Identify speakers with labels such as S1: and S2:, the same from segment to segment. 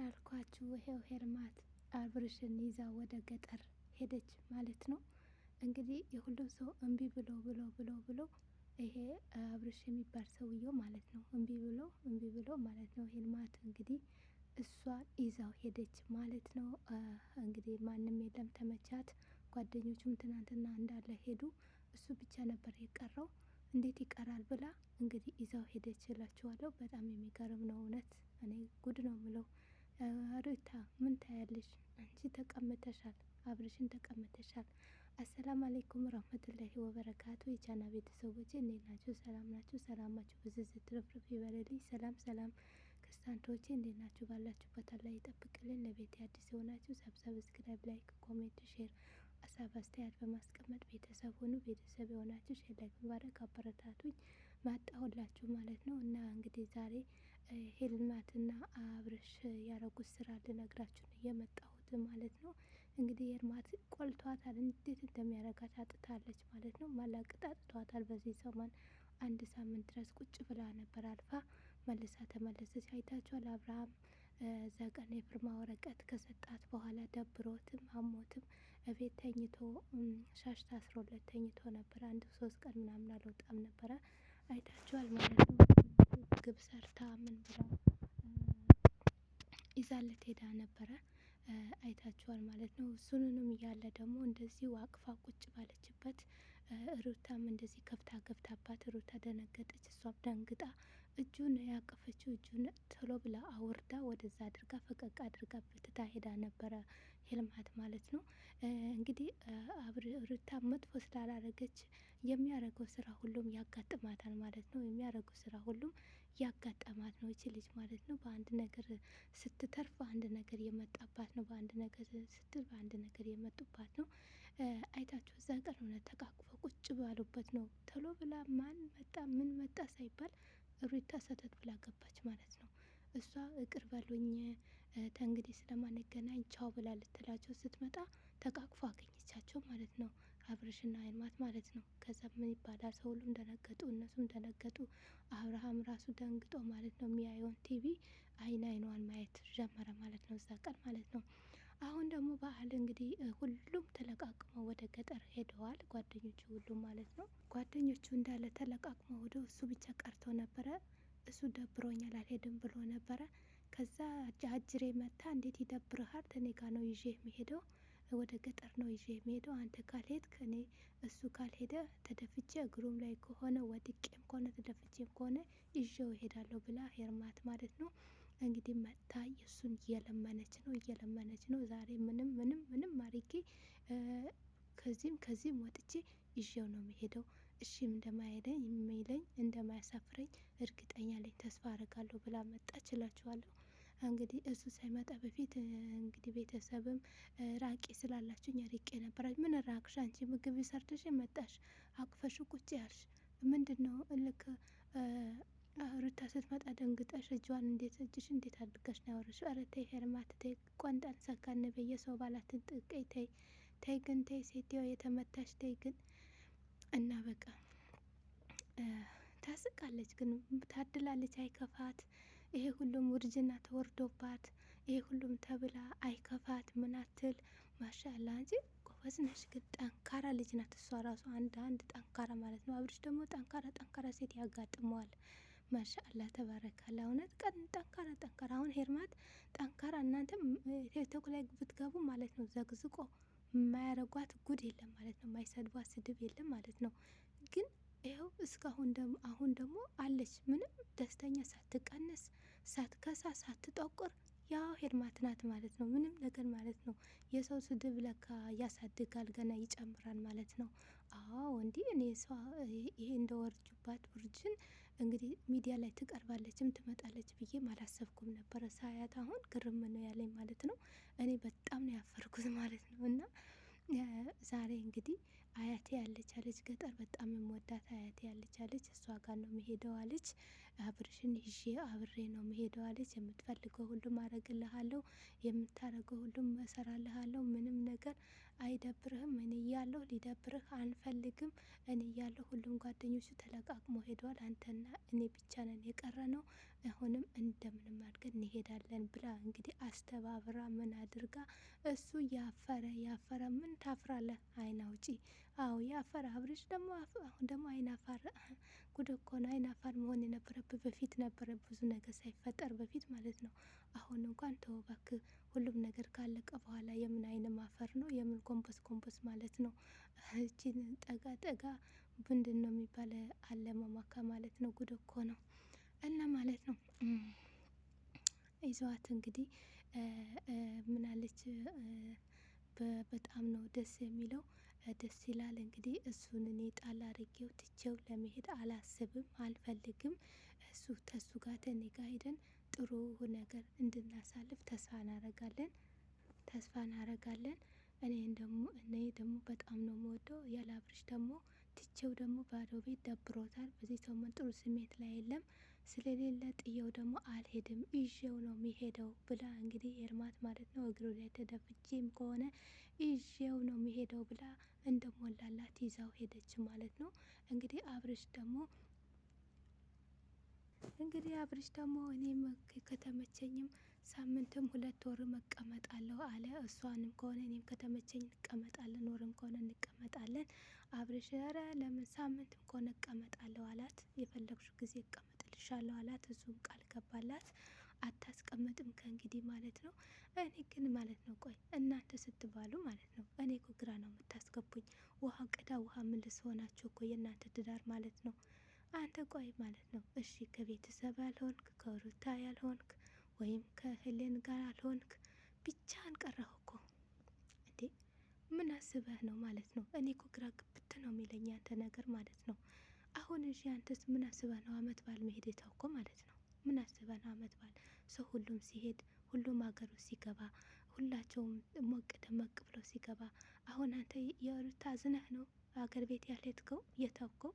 S1: እንዳልኳችሁ ይሄው ሄርማት አብርሽን ይዛ ወደ ገጠር ሄደች ማለት ነው። እንግዲህ የሁሉም ሰው እምቢ ብሎ ብሎ ብሎ ብሎ ይሄ አብርሽ የሚባል ሰውየው ማለት ነው እምቢ ብሎ እምቢ ብሎ ማለት ነው። ሄልማት እንግዲህ እሷ ይዛው ሄደች ማለት ነው። እንግዲህ ማንም የለም ተመቻት። ጓደኞቹም ትናንትና እንዳለ ሄዱ። እሱ ብቻ ነበር የቀረው። እንዴት ይቀራል ብላ እንግዲህ ይዛው ሄደች እላችኋለሁ። በጣም የሚገርም ነው እውነት። እኔ ጉድ ነው ምለው። ሩታ ምን ታያለሽ? አንቺ ተቀምተሻል አብርሽን ተቀምተሻል አሰላም አለይኩም ረህመቱላሂ ወበረካቱ። የቻና ቤተሰቦች እንዴት ናችሁ? ሰላም ናችሁ? ሰላማችሁ ብዝዝ ትርፍርፍ ይበልልኝ። ሰላም ሰላም ክርስቲያንቶቼ እንዴት ናችሁ? ባላችሁበት አላህ ይጠብቅልን። ለቤት አዲስ የሆናችሁ ሰብስክራይብ፣ ላይክ፣ ኮሜንት፣ ሼር ሀሳብ አስተያየት በማስቀመጥ ቤተሰብ ሁኑ። ቤተሰብ የሆናችሁ ሼር፣ ላይክ በማድረግ አበረታቱኝ። ማጣሁላችሁ ማለት ነው እና እንግዲህ ዛሬ ሄልማትና አብርሽ ያረጉት ስራ ልነግራችሁ ነው የመጣሁት ማለት ነው። እንግዲህ ሄልማት ቆልቷታል፣ እንዴት እንደሚያረጋት አጥታለች ማለት ነው። ማላቅጥ አጥቷታል። በዚህ ሰሞን አንድ ሳምንት ድረስ ቁጭ ብላ ነበር አልፋ መልሳ ተመለሰች። አይታችኋል። አብርሃም እዛ ቀን ወረቀት ከሰጣት በኋላ ደብሮትም አሞትም እቤት ተኝቶ ሻሽ ታስሮለት ተኝቶ ነበር። አንድ ሶስት ቀን ምናምን አልወጣም ነበረ። አይታችኋል ማለት ነው። ምግብ ሰርታ ምን ብላ ይዛለት ሄዳ ነበረ አይታችኋል ማለት ነው። እሱንም እያለ ደግሞ እንደዚህ ዋቅፋ ቁጭ ባለችበት ሩታም እንደዚህ ከፍታ ገብታባት ሩታ ደነገጠች። እሷም ደንግጣ እጁን ያቀፈችው እጁን ቶሎ ብላ አውርዳ ወደዛ አድርጋ ፈቀቅ አድርጋ ብትታ ሄዳ ነበረ ሄልማት ማለት ነው። እንግዲህ ሩታ መጥፎ ስላላረገች የሚያደርገው ስራ ሁሉም ያጋጥማታል ማለት ነው። የሚያደርገው ስራ ሁሉም ያጋጠማት ነው ይች ልጅ ማለት ነው። በአንድ ነገር ስትተርፍ በአንድ ነገር የመጣባት ነው። በአንድ ነገር ስትል በአንድ ነገር የመጡባት ነው። አይታችሁ እዛ ቀን እውነት ቁጭ ባሉበት ነው ተሎ ብላ ማን መጣ ምን መጣ ሳይባል ሩታ ሰተት ብላ ገባች ማለት ነው። እሷ እቅር በሉኝ ተንግዲህ ስለማንገናኝ ቻው ብላ ልትላቸው ስትመጣ ተቃቅፎ አገኘቻቸው ማለት ነው። አብርሽና አይልማት ማለት ነው። ከዛ ምን ይባላል ሰው ሁሉም ደነገጡ፣ እነሱም ደነገጡ። አብርሃም ራሱ ደንግጦ ማለት ነው የሚያየውን ቲቪ አይን አይኗን ማየት ጀመረ ማለት ነው፣ እዛ ቀን ማለት ነው። አሁን ደግሞ በዓል እንግዲህ ሁሉም ተለቃቅመው ወደ ገጠር ሄደዋል፣ ጓደኞቹ ሁሉም ማለት ነው። ጓደኞቹ እንዳለ ተለቃቅመው ወደ እሱ ብቻ ቀርቶ ነበረ። እሱ ደብሮኛል አልሄድም ብሎ ነበረ። ከዛ አጅሬ መታ እንዴት ይደብርሃል? ከኔ ጋ ነው ይዤ የሚሄደው ወደ ገጠር ነው ይዤ የሚሄደው። አንተ ካልሄድክ እኔ እሱ ካልሄደ ተደፍቼ እግሩም ላይ ከሆነ ወድቄም ከሆነ ተደፍቼም ከሆነ ይዤው እሄዳለሁ ብላ ሄርማት ማለት ነው እንግዲህ መታ እሱን እየለመነች ነው እየለመነች ነው። ዛሬ ምንም ምንም ምንም አድርጌ ከዚህም ከዚህም ወጥቼ ይዤው ነው የሚሄደው። እሺም እንደማይለኝ እንደማያሳፍረኝ እርግጠኛ ነኝ፣ ተስፋ አደርጋለሁ ብላ መጣች እላችኋለሁ። እንግዲህ እሱ ሳይመጣ በፊት እንግዲህ ቤተሰብም ራቂ ስላላችሁ እኛ ርቄ ነበራችሁ። ምን ራቅሽ አንቺ ምግብ ሰርተሽ መጣሽ አቅፈሽ ቁጭ ያልሽ ምንድን ነው? ልክ ሩታ ስትመጣ ደንግጠሽ እጇን እንዴት እጅሽ እንዴት አድርገሽ ነው ያወረሽ? ኧረ ተይ ሄርማት ተይ፣ ቆንጣን ሰጋን በየ የሰው ባላትን ጥቀይ ተይ ተይ ግን ተይ ሴትዮ የተመታሽ ተይ ግን እና በቃ ታስቃለች፣ ግን ታድላለች፣ አይከፋት ይሄ ሁሉም ውርጅና ተወርዶባት ይሄ ሁሉም ተብላ አይከፋት ምናትል ማሻላ እንጂ ጎበዝ ነሽ። ግን ጠንካራ ልጅ ናት እሷ ራሱ አንድ አንድ ጠንካራ ማለት ነው። አብርሽ ደግሞ ጠንካራ ጠንካራ ሴት ያጋጥመዋል። ማሻአላ ተባረካላ። እውነት ቀን ጠንካራ ጠንካራ አሁን ሄርማት ጠንካራ እናንተ ቲክቶክ ላይ ብትገቡ ማለት ነው ዘግዝቆ የማያረጓት ጉድ የለም ማለት ነው። የማይሰድቧት ስድብ የለም ማለት ነው ግን ይኸው እስካሁን ደግሞ አሁን ደግሞ አለች ምንም ደስተኛ ሳትቀንስ ሳትከሳ ሳትጠቁር ያው ሄድማት ናት ማለት ነው። ምንም ነገር ማለት ነው። የሰው ስድብ ለካ ያሳድጋል፣ ገና ይጨምራል ማለት ነው። አዎ እንዲህ እኔ ሰው ይሄ እንደ ወርጅባት ውርጅን እንግዲህ ሚዲያ ላይ ትቀርባለችም ትመጣለች ብዬ አላሰብኩም ነበረ። ሳያት አሁን ግርም ነው ያለኝ ማለት ነው። እኔ በጣም ነው ያፈርኩት ማለት ነው። እና ዛሬ እንግዲህ አያቴ ያለች አለች ገጠር በጣም የምወዳት አያቴ ያለች አለች እሷ ጋር ነው የምሄደው አለች። አብርሽን ይዤ አብሬ ነው መሄደው አለች። የምትፈልገው ሁሉም አረግልሃለሁ፣ የምታረገው ሁሉም እሰራልሃለሁ፣ ምንም ነገር አይደብርህም። እኔ እያለሁ ሊደብርህ አንፈልግም። እኔ እያለሁ ሁሉም ጓደኞቹ ተለቃቅሞ ሄደዋል። አንተና እኔ ብቻ ነን የቀረ ነው። አሁንም እንደምንም አድርገን እንሄዳለን ብላ እንግዲህ አስተባብራ ምን አድርጋ እሱ ያፈረ ያፈረ ምን ታፍራለህ? አይን አውጪ አዎ የአፋር አብሬሽ ደግሞ አሁን ደግሞ አይን አፈር ጉድ እኮ ነው። አይን አፈር መሆን የነበረብህ በፊት ነበረ፣ ብዙ ነገር ሳይፈጠር በፊት ማለት ነው። አሁን እንኳን ተወባክ ሁሉም ነገር ካለቀ በኋላ የምን አይን ማፈር ነው? የምን ጎንበስ ጎንበስ ማለት ነው? እችን ጠጋ ጠጋ ምንድን ነው የሚባለ አለማማካ ማለት ነው። ጉድ እኮ ነው እና ማለት ነው ይዘዋት እንግዲህ ምናለች በጣም ነው ደስ የሚለው ደስ ይላል። እንግዲህ እሱን እኔ ጣል አድርጌው ትቼው ለመሄድ አላስብም፣ አልፈልግም። እሱ ከሱ ጋር ከኔ ሄደን ጥሩ ነገር እንድናሳልፍ ተስፋ እናረጋለን ተስፋ እናረጋለን። እኔን ደግሞ እኔ ደግሞ በጣም ነው የምወደው ያለ አብርሽ ደግሞ ትቼው ደግሞ ባዶ ቤት ደብሮታል። በዚህ ሰሞን ጥሩ ስሜት ላይ የለም ስለሌለ ጥየው ደግሞ አልሄድም ይዤው ነው የሚሄደው ብላ እንግዲህ ኤርማት ማለት ነው እግሩ ላይ ተደፍቼም ከሆነ ይዤው ነው የሚሄደው ብላ እንደሞላላት ይዛው ሄደች ማለት ነው። እንግዲህ አብርሽ ደግሞ እንግዲህ አብርሽ ደግሞ እኔም ከተመቸኝም ሳምንትም ሁለት ወር መቀመጣለሁ አለ። እሷንም ከሆነ እኔም ከተመቸኝ እንቀመጣለን፣ ወርም ከሆነ እንቀመጣለን። አብርሽ ኧረ ለምን ሳምንትም ከሆነ እቀመጣለሁ አላት። የፈለግሽው ጊዜ እቀመጥልሻለሁ አላት። እሱም ቃል ገባላት። አታስቀምጥም ከእንግዲህ ማለት ነው። እኔ ግን ማለት ነው ቆይ እናንተ ስትባሉ ማለት ነው እኔ እኮ ግራ ነው የምታስገቡኝ። ውሃ ቅዳ ውሃ ምልስ ሆናችሁ እኮ የእናንተ ትዳር ማለት ነው። አንተ ቆይ ማለት ነው እሺ ከቤተሰብ ያልሆንክ ከሩታ ያልሆንክ ወይም ከህሌን ጋር አልሆንክ ብቻህን ቀረህ እኮ እንዴ! ምን አስበህ ነው ማለት ነው? እኔ እኮ ግራ ግብት ነው የሚለኝ ያንተ ነገር ማለት ነው። አሁን እሺ፣ አንተስ ምን አስበህ ነው አመት በዓል መሄድ የታውኮ ማለት ነው? ምን አስበህ ነው አመት በዓል ሰው ሁሉም ሲሄድ ሁሉም ሀገሩ ሲገባ ሁላቸውም ሞቅ ደመቅ ብሎ ሲገባ፣ አሁን አንተ የሩታ አዝነህ ነው አገር ቤት ያልሄድከው የተውከው?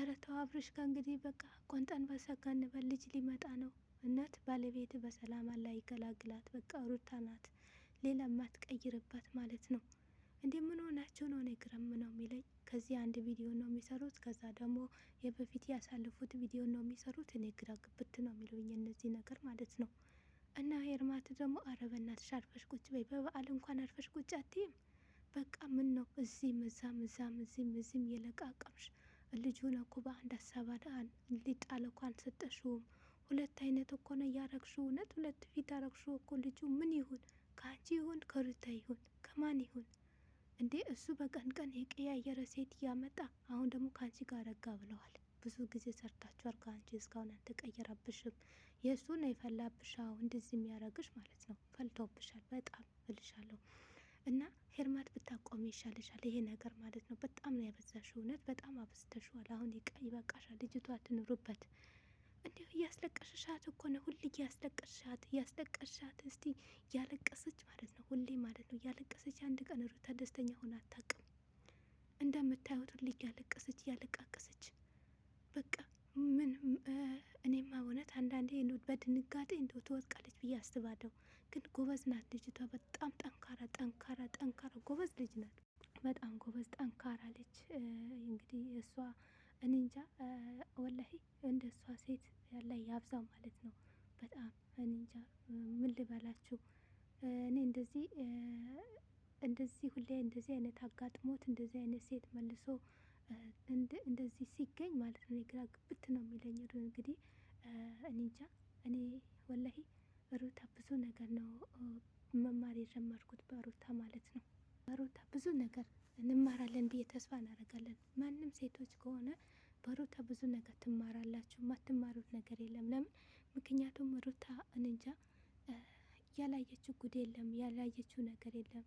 S1: ኧረ ተው አብርሽ ጋር እንግዲህ በቃ ቆንጠን በሰጋ እንበል ልጅ ሊመጣ ነው እናት ባለቤት በሰላም አላ ይገላግላት። በቃ ሩታ ናት፣ ሌላ ማለት ነው። እንዴ ምን ሆናቸው ነው? እኔ ግርም ነው የሚለኝ። ከዚህ አንድ ቪዲዮ ነው የሚሰሩት፣ ከዛ ደግሞ የበፊት ያሳለፉት ቪዲዮ ነው የሚሰሩት። እኔ ግራ ግብት ነው የሚለኝ እነዚህ ነገር ማለት ነው። እና ሄርማት ደግሞ አረበናትሽ አርፈሽ ቁጭ በይ፣ በበዓል እንኳን አርፈሽ ቁጭ አትይም። በቃ ምን ነው እዚህም እዛም እዛም እዚህም እዚህም የለቃቀምሽ ልጁን እኮ በአንድ ሀሳብ ሊጣል እኳ አልሰጠሽውም። ሁለት አይነት እኮ ነው ያረግሹ። እውነት ሁለት ፊት አረግሹ እኮ ልጁ ምን ይሁን ከአንቺ ይሁን ከሩታ ይሁን ከማን ይሁን እንዴ? እሱ በቀን ቀን የቀያየረ ሴት እያመጣ አሁን ደግሞ ከአንቺ ጋር ረጋ ብለዋል። ብዙ ጊዜ ሰርታችኋል። ከአንቺ እስካሁን አልተቀየረብሽም። የእሱ ነው የፈላብሽ። አሁን እንደዚህ የሚያረግሽ ማለት ነው። ፈልቶብሻል በጣም እልሻለሁ። እና ሄርማት ብታቆሚ ይሻልሻል፣ ይሄ ነገር ማለት ነው። በጣም ነው ያበዛሽው። እውነት በጣም አበዝተሽዋል። አሁን ይበቃሻል። ልጅቷ ትኑርበት። እንዲሁ እያስለቀሸሻት እኮ ነው። ሁሌ እያስለቀሻት እያስለቀሻት፣ እስቲ እያለቀሰች ማለት ነው፣ ሁሌ ማለት ነው እያለቀሰች። አንድ ቀን ሩታ ደስተኛ ሆና አታውቅም። እንደምታዩት ሁሌ እያለቀሰች እያለቃቀሰች፣ በቃ ምን እኔማ እውነት አንዳንዴ በድንጋጤ እንደ ትወድቃለች ብዬ አስባለሁ። ግን ጎበዝ ናት ልጅቷ፣ በጣም ጠንካራ ጠንካራ ጠንካራ ጎበዝ ልጅ ናት። በጣም ጎበዝ ጠንካራ ልጅ እንግዲህ እሷ እኔ እንጃ ወላሂ እንደ እሷ ሴት ላይ ያብዛው ማለት ነው። በጣም እኔ እንጃ ምን ልበላችሁ። እኔ እንደዚህ እንደዚህ ሁሌ እንደዚህ አይነት አጋጥሞት እንደዚህ አይነት ሴት መልሶ እንደዚህ ሲገኝ ማለት ነው ግራ ግብት ነው የሚለኝ። እንግዲህ እኔ እንጃ እኔ ወላሂ ሩታ ብዙ ነገር ነው መማር የጀመርኩት በሩታ ማለት ነው። በሩታ ብዙ ነገር እንማራለን ብዬ ተስፋ እናደርጋለን። ማንም ሴቶች ከሆነ በሩታ ብዙ ነገር ትማራላችሁ። ማትማሩት ነገር የለም። ለምን? ምክንያቱም ሩታ እንጃ ያላየችው ጉድ የለም፣ ያላየችው ነገር የለም።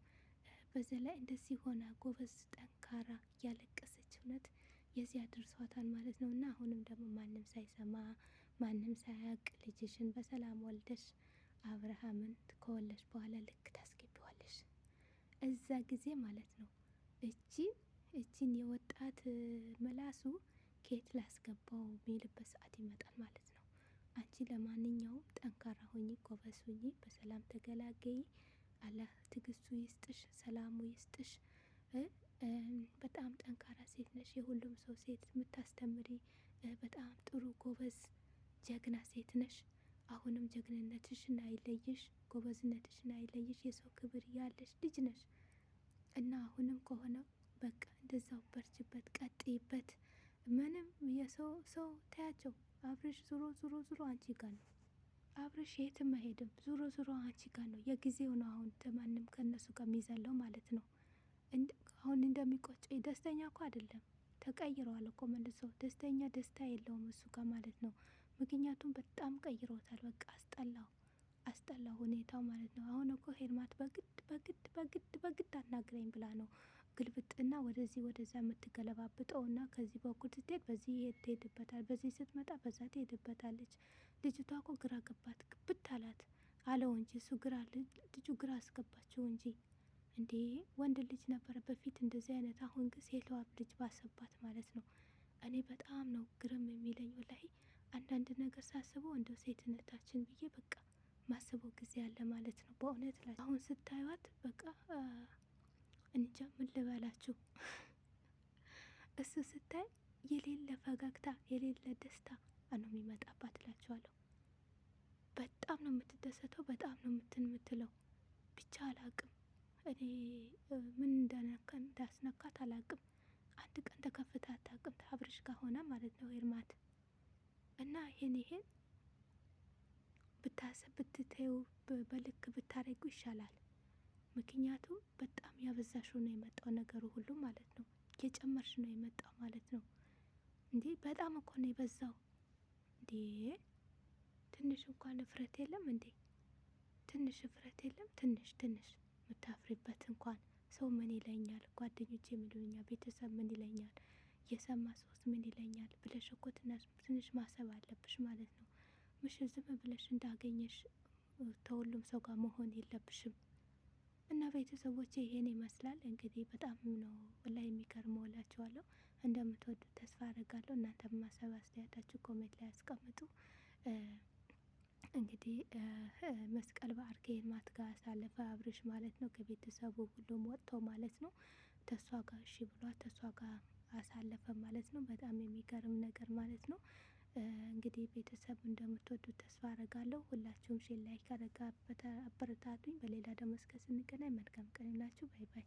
S1: በዛ ላይ እንደዚህ ሆና ጎበዝ፣ ጠንካራ፣ እያለቀሰች እውነት የዚህ አድርሷታል ማለት ነው። እና አሁንም ደግሞ ማንም ሳይሰማ ማንም ሳያውቅ ልጅሽን በሰላም ወልደሽ አብርሃምን ከወለድሽ በኋላ ልክ ታስገ እዛ ጊዜ ማለት ነው። እቺ እቺን የወጣት መላሱ ኬት ላስገባው የሚልበት ሰዓት ይመጣል ማለት ነው። አንቺ ለማንኛውም ጠንካራ ሆኚ፣ ጎበዝ ሆኚ፣ በሰላም ተገላገይ። አላህ ትዕግስቱ ይስጥሽ፣ ሰላሙ ይስጥሽ። በጣም ጠንካራ ሴት ነሽ። የሁሉም ሰው ሴት የምታስተምሪ በጣም ጥሩ ጎበዝ ጀግና ሴት ነሽ። አሁንም ጀግንነትሽን አይለይሽ፣ ጎበዝነትሽን አይለይሽ። የሰው ክብር ያለሽ ልጅ ነሽ እና አሁንም ከሆነ በቃ እንደዛው በርችበት፣ ቀጥይበት። ምንም የሰው ሰው ታያቸው አብረሽ ዙሮ ዙሮ ዙሮ አንቺ ጋር ነው። አብረሽ የትም አይሄድም። ዙሮ ዙሮ አንቺ ጋር ነው። የጊዜው ነው። አሁን ማንም ከነሱ ጋር የሚዘለው ማለት ነው። አሁን እንደሚቆጨኝ ደስተኛ እኮ አይደለም። ተቀይረዋል እኮ መልሶ ደስተኛ ደስታ የለውም እሱ ጋር ማለት ነው። ምክንያቱም በጣም ቀይሮታል። በቃ አስጠላው አስጠላው ሁኔታው ማለት ነው። አሁን እኮ ሄልማት በግድ በግድ በግድ በግድ አናግረኝ ብላ ነው ግልብጥና ወደዚህ ወደዛ የምትገለባብጠው እና ከዚህ በኩል ስትሄድ በዚህ ትሄድበታል፣ በዚህ ስትመጣ በዛ ትሄድበታለች። ልጅቷ እኮ ግራ ገባት ግብት አላት አለው እንጂ እሱ ግራ ልጁ ግራ አስገባችው እንጂ እንዴ ወንድ ልጅ ነበረ በፊት እንደዚህ አይነት። አሁን ግን ሴቷ ልጅ ባሰባት ማለት ነው። እኔ በጣም ነው ግርም የሚለኝ ላይ አንዳንድ ነገር ሳስበው እንደው ሴትነታችን ብዬ በቃ ማስበው ጊዜ አለ ማለት ነው። በእውነት ላይ አሁን ስታዩት በቃ እንጃ ምን ልበላችሁ። እሱ ስታይ የሌለ ፈገግታ የሌለ ደስታ ነው የሚመጣባት እላችኋለሁ። በጣም ነው የምትደሰተው፣ በጣም ነው እንትን ብቻ አላቅም እኔ ምን እንዳስነካት አላቅም። አንድ ቀን ተከፍታ አታቅም አብርሽ ጋር ማለት ነው ሄርማት እና ይሄን ይሄን ብታሰብ ብትተዩ በልክ ብታረጉ ይሻላል። ምክንያቱም በጣም ያበዛሽው ነው የመጣው ነገሩ ሁሉ ማለት ነው። የጨመርሽ ነው የመጣው ማለት ነው። እንዴ በጣም እኮ ነው የበዛው። እንዴ ትንሽ እንኳን እፍረት የለም እንዴ ትንሽ እፍረት የለም። ትንሽ ትንሽ የምታፍሪበት እንኳን ሰው ምን ይለኛል፣ ጓደኞች ምን ይለኛል? ቤተሰብ ምን ይለኛል የሰማ ሰውስ ምን ይለኛል ብለሽ እኮ ትንሽ ማሰብ አለብሽ ማለት ነው። ምሽት ዝም ብለሽ እንዳገኘሽ ከሁሉም ሰው ጋር መሆን የለብሽም። እና ቤተሰቦች ይሄን ይመስላል እንግዲህ በጣም ነው ላይ የሚገርመው እላችኋለሁ። እንደምትወዱ ተስፋ አደርጋለሁ። እናንተ ማሰብ አስተያየታችሁ ኮሜንት ላይ አስቀምጡ። እንግዲህ መስቀል በዓል ከየማት ጋር አሳለፈ አብርሽ ማለት ነው ከቤተሰቡ ሁሉም ወጥተው ማለት ነው ተሷ ጋር እሺ ብሏል። ተሷ ጋር አሳለፈ ማለት ነው። በጣም የሚገርም ነገር ማለት ነው። እንግዲህ ቤተሰብ እንደምትወዱት ተስፋ አረጋለሁ። ሁላችሁም ሼር ላይክ አረጋ አበረታቱኝ። በሌላ ደግሞ እስከ ስንገናኝ መልካም ቀን ይሁንላችሁ። ባይ ባይ።